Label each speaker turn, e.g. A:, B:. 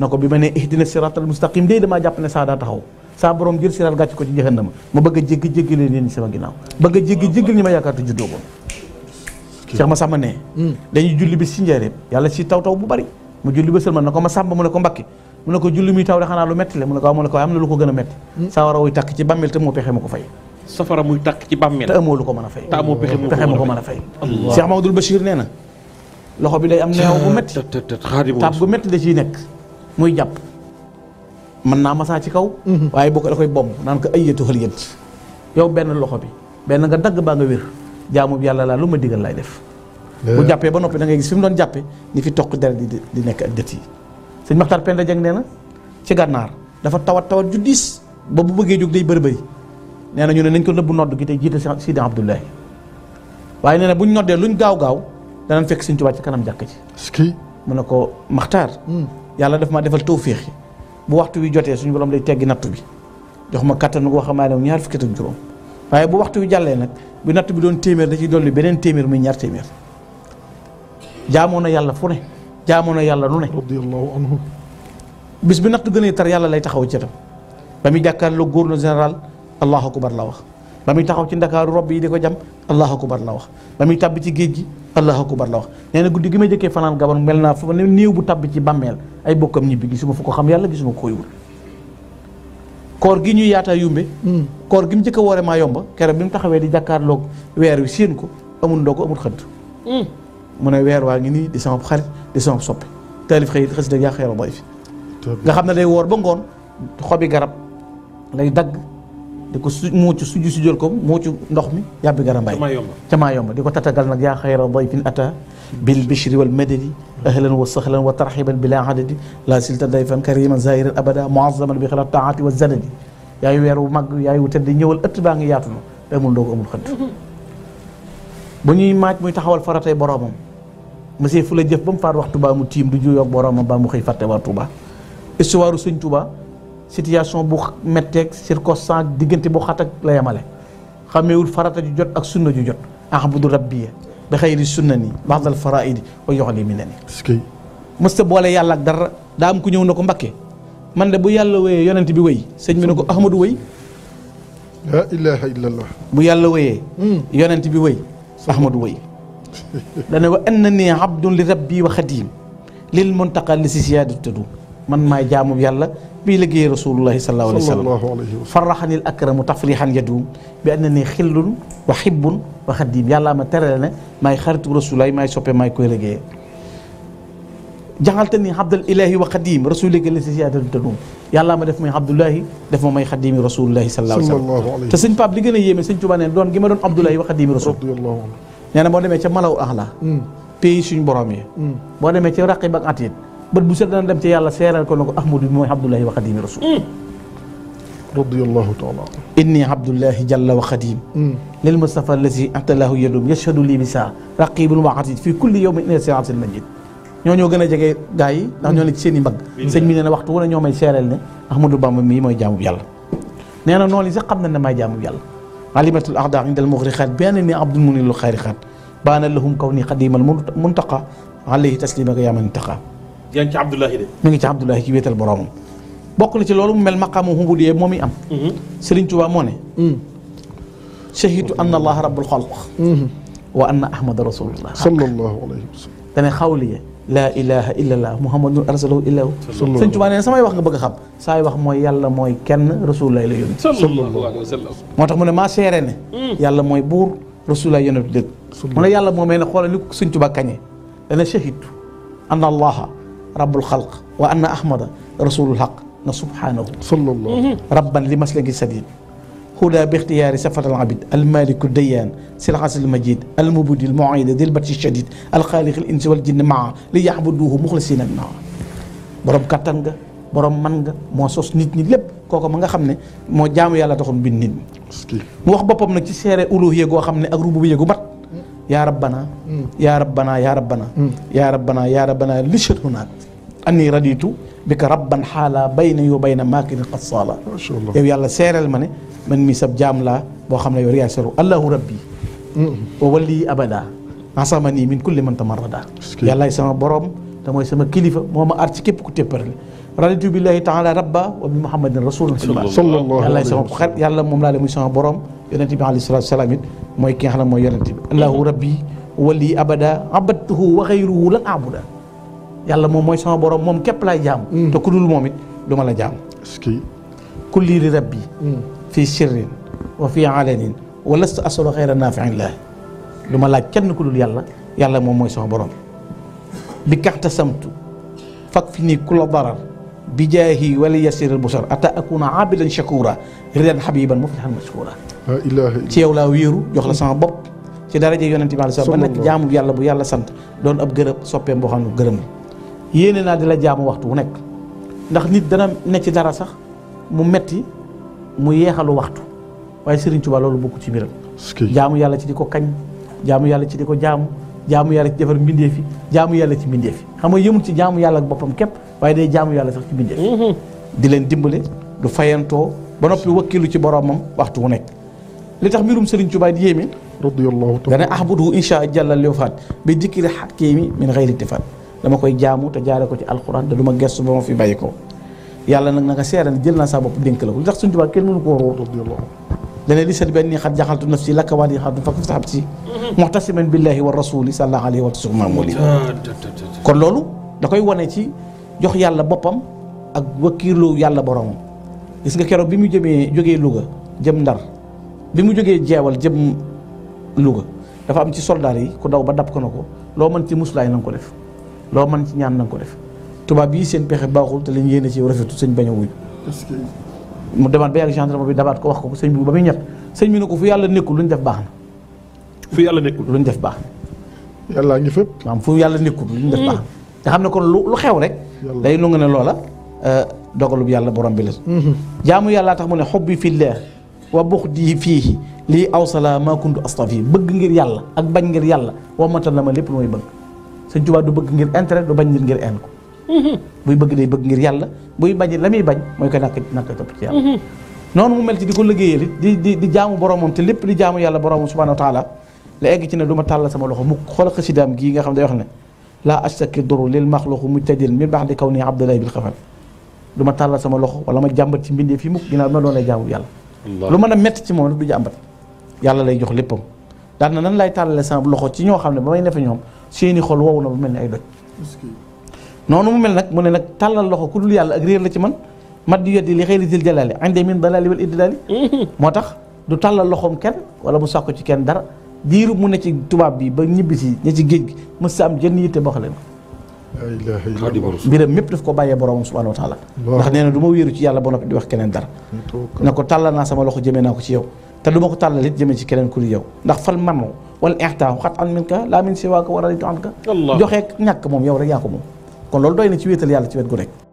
A: na ko bi ma ne ihdina siratal mustaqim day damaa jàpp ne saa daa taxaw saa borom jël siraat gàcc ko ci jahannama ma bëgg a jéggi jéggi leen yéen sama ginnaaw bëgg a jéggi jéggi ñi ma yaakaar te juddoo ko Cheikh Massamba ne dañuy julli bi si njareeb yàlla si taw taw bu bari mu julli ba sëlman na ko Massamba mu ne ko Mbakke mu ne ko julli muy taw de xanaa lu metti la mu ne ko waaw mu ne ko am na lu ko gën a metti sawara wuy takk ci ko fay safara muy takk ci bàmmeel ko a fay te ko a fay Cheikh Mamadou bi day am neew bu metti tab bu metti da ciy nekk muy jàpp mën naa masaa ci kaw. waye boo da koy bomb nan ko ayyatu khaliyat yow ben loxo bi ben nga dag ba nga wir jaamu bi yalla la luma digal lay def. bu jappé ba nopi da ngay gis fim doon jappé ni fi tok dara di di nek ak deti seigne makhtar Maxtaar nar, Jeng neena ci gànnaar dafa tawat tawat ju diis ba bu beugé jóg day bëri bëri nee ñu ne nañ ko neub nodd gi tey jiite Sidi abdullah waye neena buñ noddé luñ gaaw gaaw nañ fekk seigne touba ci kanam jakk ci ski ko yàlla daf ma defal tawfiix bu waxtu wi jotee suñu borom day teggi nattu bi jox ma kattanu goo xam ne ñaar fukki ak juróom waaye bu waxtu wi jàllee nag bu nattu bi doon téeméer da ciy dolli beneen téeméer muy ñaar téeméer jaamoo na yàlla fu ne jaamoo na yàlla nu ne. radiyallahu anhu bis bi natt gën a tar yàlla lay taxaw ci tam ba muy jàkkaarloo gouverneur général allahu akbar la wax. ba taxaw ci dakaru rob ko jam allahu akbar la wax ba muy ci geejgi allahu akbar la wax neena guddi gi ma jekke fanaan gabon melna naa fa néew bu tàbbi ci bammel ay bokkam ñibbi gisuma fu ko xam yàlla gisuma ko yuul koor gi ñuy yaata yumbe koor gi mu jekke a ma yomba keroog bi mu taxawee di lok weer wi seen ko amul ndog amul hmm. xëdd mu ne weer waa ngi di sama xarit di sama soppi xeyit xëyit de ya xeeru day fi nga day ba ngon xobi garab lay dag di ko su muucu suju sujal ko muucu ndox mi yàbbi garambay ca maa yomba di ko tatagal nag yaa xayra dayfin ata bil bishri wal madadi ahlan wa sahlan wa tarxiban bila adadi la silta dayfan kariman zairan abada muazaman bi xalaat taati wa zanadi yaay weer wu mag yaay wu tedd ñëwal ëtt baa ngi yaatu na te amul ndoo ko amul xëdd ba ñuy maaj muy taxawal faratay boromam monsieur fu la jëf ba waxtu baa mu tiim du juyoog boromam baa mu xëy fàtte waa Touba histoire sëñ Touba situation bu metti ak circonstance digënté bu xat ak la yemale xameewul farata ju jot ak sunna ju jot ahmadu rabbi bi khayri sunnani ba'd al fara'id wa yoxli mi ne musta bolé yàlla ak dar da am ku ñëw nako ko man de bu yàlla wéy yonent bi wéy sëñ bi nako ahmadu wéy la ilaha illa allah bu yàlla wéy yonent bi wéy ahmadu wéy dana wa annani ni abdun li rabbi wa khadim lil muntaqal li siyadatu من ما جامو يلا بيلقي رسول الله صلى الله عليه وسلم فرحني الأكرم تفريحا يدوم بأنني خل وحب وخديم يلا ما ترى لنا ما يخرت رسول الله ما يشوفه ما يكوي لقيه جعلتني عبد الله وخديم الله اللي سيادة تدوم الله ما دفع عبد الله دفع ما يخديم رسول الله صلى الله عليه وسلم تسين باب لقينا يم تسين شو بنا دون جمرون عبد الله وخديم رسول رضي الله عنه يعني ما نمشي ما لو أهلا بيشين برامي ما نمشي راقي بقعتين bët bu set dana dem ci yàlla seeral ko ne ko ahmadu bi mooy abdullahi wa xadimi rasul radiyallahu taala inni abdullahi jalla wa xadim lil mustafa allazi atalahu yadum yashhadu li bisa raqibul wa atid fi kulli yawmin ina séanceil majid ñoo ñoo gën a jege gaa yi ndax ñoo ne ci seen i mbagg sëñ bi nee na waxtu wu ne ñoo may seeral ne ahmadou bamba mii mooy jaamub yàlla nee na noonu yi sax xam na ne maay jaamub yàlla alimatul ahda inda al muxrixaat benn ni abdul munil xayrixaat baana lahum kaw ni xadimal muntaqa alayhi taslima ka yaaman intaqa yaa ngi ci Abdoulahi de. mi ngi ci Abdoulahi ci wéetal boroomam bokk na ci loolu mu mel maqaamu humbu dee moom i am. Mm-hmm. Serigne Touba moo ne. Mm. shahidu anna allaha rabbul xalq mm-hmm. wa anna ahmada rasulullah sallallahu alayhi wa sallam dane xawliya laa ilaha illa allah muhammadun arsalahu illahu sëñ Tuubaa nee samay wax nga bëgg a xam saay wax mooy yàlla mooy kenn rasulullah la yónni sallallahu moo tax mu ne maa seere ne mm. yàlla mooy buur rasulullah yónni bi dëgg mu ne yàlla moo mel ne xoolal رب الخلق وأن أحمد رسول الحق سبحانه صلى الله ربا لمسلك السديد هدى باختيار سفر العبد المالك الديان سلعة المجيد المبود المعيد ذي البرش الشديد الخالق الإنس والجن معه ليعبدوه مخلصين معه برب كاتنغ برب منغ موسوس نيت نيت لب كوكو مانغا خامني مو جامو يالا تخون بين نيت موخ بوبام نا سي سيري اولوهيه غو خامني اك روبوبيه غو يا ربنا يا ربنا يا ربنا يا ربنا يا ربنا لشر هناك أني رديت بك ربا حالا بيني وبين ماكن القصالة ما شاء الله يا الله سيرال من من مسب جام لا بو خامنا يوري ياسرو الله ربي وولي أبدا عصمني من كل من تمردا الله سما بروم موي سما كليفة ارتي كيب كو كتبرلي رضيت بالله تعالى ربا وبمحمد رسول الله صلى الله عليه وسلم يلا موم لا لي سون بروم يونتي عليه الصلاه والسلام موي كي خلام موي يونتي الله ربي ولي ابدا عبدته وغيره لا اعبد يلا موم موي سون بروم موم كيب لا جام تو كودول موميت دوما لا جام كل ربي في سر وفي علن ولست اصل غير نافع الله دوما لا كين كودول يلا يلا موم موي سون بروم بكحت سمت فكفني كل ضرر bijaahi wala yasiril busar ata akuna abidan shakura ridan habiban muflihan mashkura ci yow laa wéeru jox la sama bopp ci daraja yonente bi aleyhi salaam ba nekk jaamu yàlla bu yàlla sant doon ab gërëb soppeem boo xam ne gërëm la yéene naa di la jaamu waxtu wu nekk ndax nit dana ne ci dara sax mu metti mu yeexalu waxtu waaye Serigne Touba loolu bokku ci mbiram jaamu yàlla ci di ko kañ jaamu yàlla ci di ko jaamu jaamu yàlla ci defar mbinde fi jaamu yàlla ci mbinde fi xam nga yëmul ci jaamu yàlla ak bopam kep waye day jaamu yàlla sax ci mbindeef yi di len dimbale du fayanto ba nopi wakilu ci boromam waxtu wu nek li tax mirum Serigne Touba di yéeme radiyallahu taala dana ahbuduhu insha li wafat bi dhikri hakimi min ghayri tifat dama koy jaamu te jaare ko ci alquran da duma gessu bama fi bayiko yàlla nak na nga seeral jël na sa bop dénk la li tax Serigne Touba kenn mënu koo róor لأن ليست بأني قد جعلت نفسي لك ولي هذا فكيف تحبتي معتصما بالله والرسول صلى الله عليه وسلم مولي كون لولو دا كاي واني تي جوخ يالا بوبام اك وكيلو يالا بروم غيسغا كيرو بيمو جيمي جوغي لوغا جيم ندار بيمو جوغي جيوال جيم لوغا دا فا ام تي سولدار يي كو داو با داب كنوكو لو مان تي موسلاي نانكو ديف لو مان تي نيان نانكو ديف توبا بي سين بيخي باخول تا لين يينا تي رافتو سين بانيو وي mu demat ba yàgg gendarme bi dabat ko wax ko sëñ bi bamuy ñet ñett mi nako fu yalla nekkul luñ def baax na. fu yalla nekkul lu def baax yalla ngi fépp. am fu yalla nekkul lu def baax na. nga kon lu lu xew rek. day nu ngene lola euh dogalub yalla borom bi la. Mhm. jaamu yalla tax mu ne hubbi bi wa bukhdi fihi li awsala ma kuntu astafi bëgg ngir yalla ak bañ ngir yalla wa matalama lepp moy bëgg du bëgg ngir intérêt du bañ ngir ngir en ko buy bëgg day bëgg ngir yàlla buy bañ la muy bañ mooy ko nakk nakk topp ci yàlla noonu mu mel ci di ko liggéeyal di di di jaamu boromam te lépp di jaamu yàlla boromam subhanahu wa taala la egg ci ne du ma tàllal sama loxo mukk xoola xasidaam nga xam ne laa astaki duru lil maxluqu mujtadil min baax di kaw nii abdullahi bil xafal du ma tàllal sama loxo wala jàmbat ci mbindee fii mukk ginnaaw ma doon lay jaamu yàlla lu mën a métti ci moom nag du jàmbat yàlla lay jox léppam daan na nan lay tàllale sama loxo ci ñoo xam ne ba may nefe ñoom seeni xol wow na bu mel ni ay doj noonu mu mel nag mu ne nag tàllal loxo ku dul yàlla ak réer la ci man mat di yeddi li xëyri dil jalaali ande min dalaali wal idlaali moo tax du tàllal loxoom kenn wala mu sàkku ci kenn dara diiru mu ne ci tubaab bii ba ñibbi si ña ci géej gi mu sa am jënn yitte boo leen ko mbiram mépp daf ko bàyyee boroomam subhaanahu wa taala ndax nee na du ma wéeru ci yàlla ba noppi di wax keneen dara na ko tàllal naa sama loxo jëmee naa ko ci yow te du ma ko tàllal it ci keneen ku yow ndax fal manu wala ixtaahu xat an min ka laa min siwaaka waralitu an ka joxee ñàkk moom yow rek yaa ko moom kon loolu doy na ci wéetal yàlla ci wet gu nekk